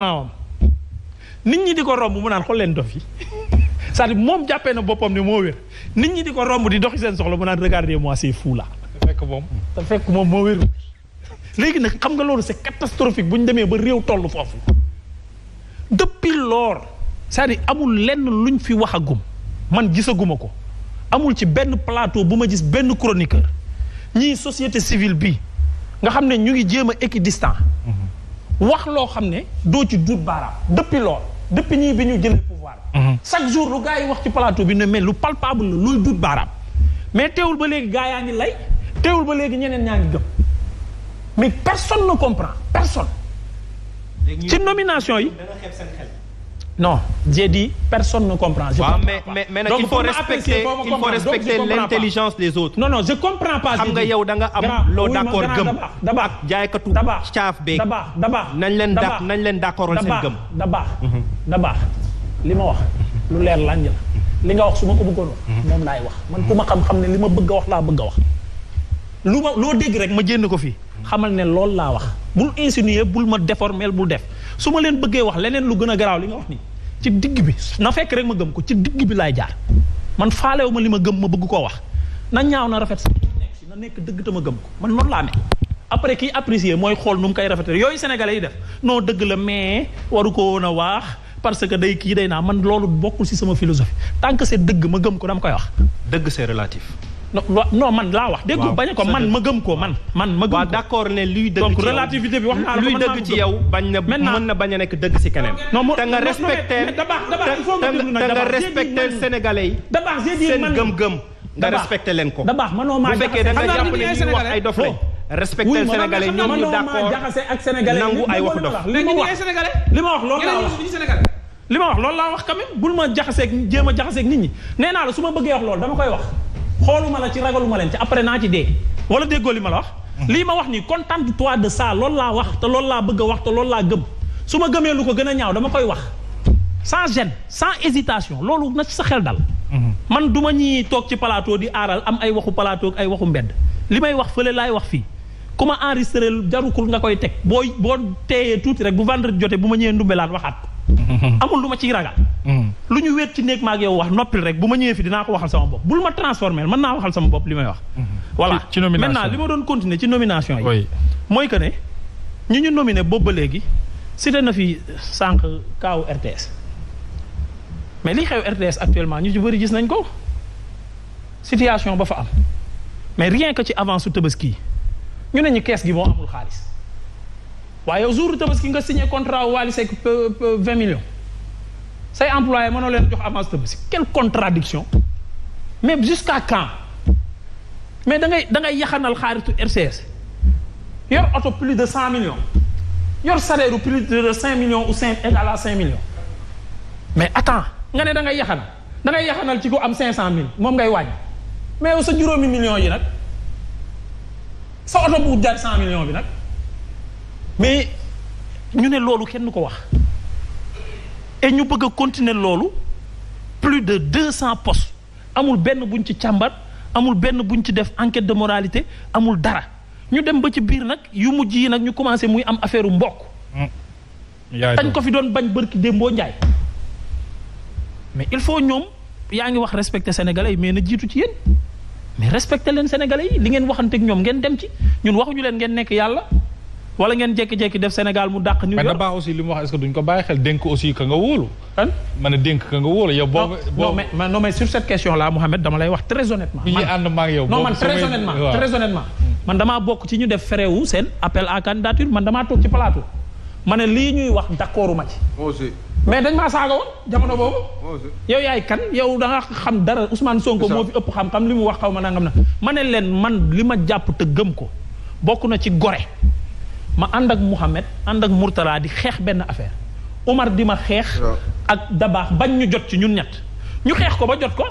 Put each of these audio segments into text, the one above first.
maamam nit ñi di ko romb mu naan xool leen dof yi cest à moom jàppee na boppam ne moo wér nit ñi di ko romb di doxi seen soxla mu naan regardez moi ces fous là fekk moom te fekk moom moo léegi nag xam nga loolu c'est catastrophique bu ñu demee ba réew toll foofu dëppi lors cest amul lenn luñ fi waxagum man gisaguma ko amul ci benn plateau bu ma gis benn chroniqueur ñii société civile bi nga xam ne ñu ngi jéem a équidistant mm-hmm. wax loo xam ne doo ci duut baaraam depuis lool depuis ñii bi ñu jëlee pouvoir mhm. chaque jour lu gars yi wax ci plateau bi ne mais lu palpable la luy duut baaraam mais teewul ba léegi gars yaa ngi lay teewul ba léegi ñeneen ñaa ngi gëm mais personne ne comprend personne ci nomination yi non j'ai dit personne ne comprend. je comprends mais mais mais nag il faut respecter il faut respecter l'intelligence des autres. non non je comprends pas. xam nga yow da nga am loo d'accord gëm. daba ak jaaykatu caaf beeg. nañ leen da nañ leen d'accordal seen gëm. daba mhm. daba li ma wax lu leer lañ la li nga wax su ma ko bëggoon wax. Mhm. moom laay wax man ku ma xam-xam ne li ma bëgg a wax laa bëgg a wax. lu ma loo dégg rek ma jénn ko fii xamal ne loolu laa wax bul insinuer bul ma deformeel bul def su ma leen bëggee wax leneen lu gën a garaaw li nga wax ni ci digg bi na fekk rek ma gëm ko ci digg bi laay jaar man faalewu ma li ma gëm ma bëgg koo wax na ñaaw na rafet na nekk dëgg te ma gëm ko man noonu laa mel kii apprécier mooy xool nu mu koy rafetee yooyu sénégalais yi def non dëgg la mais waru ko woon a waax parce que day kii day naa man loolu bokkul ci sama philosophie tant que c'est dëgg ma gëm ko dama koy wax. dëgg c'est relatif. non man laa wax. dégg bañ ko man ma gëm ko man. man ma gëm ko waaw d'accord ne luy dëgg ci yow bi wax naa ci yow bañ na mën na bañ nekk dëgg si keneen. non te nga respecté te nga respecté sénégalais yi. dabax seen gëm-gëm. nga respecté leen ko. dabax manoo maa jaxase da nga jàpp ne ñuy wax ay dof lañ. respecté sénégalais yi ñoom ñu d'accord nangu ay waxu dof. li ma wax lool laa wax li ma wax loolu laa wax quand même bul ma jéem a jaxaseeg nit ñi nee naa la su ma bëggee wax loolu dama koy wax xooluma la ci ragaluma leen ci après naa ci dee wala déggoo li ma la wax mhm. lii ma wax nii contente-toi de ça loolu laa wax te loolu laa a wax te loolu gëm su ma gëmee lu ko gën a ñaaw dama koy wax sans gêne sans hésitation loolu na ci sa xel dal mhm. man du ma ñuy toog ci plateau di aaral am ay waxu plateau ak ay waxu mbedd li may wax fële laay wax fii ku ma enregistré jarukul nga koy teg boo boo teeyee tuuti rek bu vendredi jotee bu ma ñëwee ndumbelaan waxaat ko amul lu ma ciy ragal. Hmm. lu ñu wéet ci néeg maa ak wax noppil rek bu ma ñëwee fi dinaa ko waxal sama bopp bul ma transformer mën naa waxal sama bopp li may wax. Hmm. voilà ci nomination li ma doon continuer ci nomination yi. mooy que ne ñu ñu nominé boobu ba léegi cité na fi sànq kaaw RTS mais li xew RTS actuellement ñu ci bëri gis nañ ko situation ba fa am mais rien que ci avance su tabaski ñu ne ñu kees gi moo amul xaalis. waaye yow jour tabaski nga signé contrat Wally Seck vingt millions say employé leen jox avance tabaski quelle contradiction mais jusqu'à quand mais da ngay da ngay yaxanal xaaritu RCS yor oto de cent millions yor salaire u plus de cinq millions ou cinq égal à cinq nga ne da ngay yaxanal da ngay yaxanal ci ko am cinq cent mille moom ngay wàññi mais yow sa juróomi millions yi nag sa oto bu jar cent millions bi nag mais ñu ne loolu kenn ko wax et ñu bëgg a continuer loolu plus de deux cents postes amul benn buñ ci càmbar amul benn buñ ci def enquête de moralité amul dara ñu dem ba ci biir nag yu mujj yi nag ñu commencé muy am affaire u mbokk mm. dañ ko fi doon bañ bërki démboo njaay mais il faut ñoom yaa ngi wax respecter sénégalais yi mais na jiitu ci yéen mais respecter leen sénégalais yi li ngeen waxanteeg ñoom ngeen dem ci ñun waxuñu leen ngeen nekk yàlla wala ngeen jékki-jékki def Sénégal mu dàq. New li mu wax est duñ ko bàyyi xel dénk aussi ka nga wóolu. kan ma ka nga wóolu yow. boo non mais non mais sur cette lay wax très honnêtement. man ànd maa bokk ci ñu def ferewu seen appel à candidature man damaa toog ci ma ne lii ñuy wax d'accordu ma ci. mais dañ maa saaga woon jamono yow yaay kan yow da xam dara Ousmane Sonko moo ëpp xam li mu wax xaw ma nangam na. ma ne leen man li ma jàpp te gëm ko bokk na ci gore ma ànd ak Mouhamed ànd ak Mourtala di xeex benn affaire Omar di ma xeex. ak dabaax bañ ñu jot ci ñun ñett ñu xeex ko ba jot ko.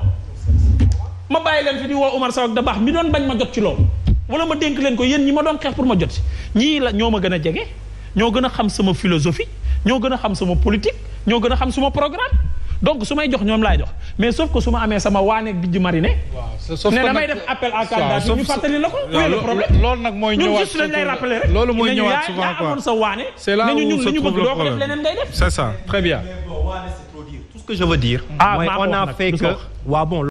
ma bàyyi leen fi di woo Omar Sow ak dabaax mi doon bañ ma jot ci loolu. wala ma dénk leen ko yéen ñi ma doon xeex pour ma jot ci ñii la ñoo ma gën a jege ñoo gën a xam sama philosophie ñoo gën a xam sama politique ñoo gën a xam suma programme. donc su may jox ñoom laay jox mais sauf ko su ma amee sama waane bijj mariné. waaw sauf ne damay def appel à candidature ñu fàttali la ko. waaw loolu nag mooy ñëwaat souvent ñun lay rappelé rek. loolu mooy ñëwaat souvent quoi sa waane. c' est là où se trouve le problème leneen ngay def. c' est bien. tout ce que je veux dire. ah on a fait que waaw bon.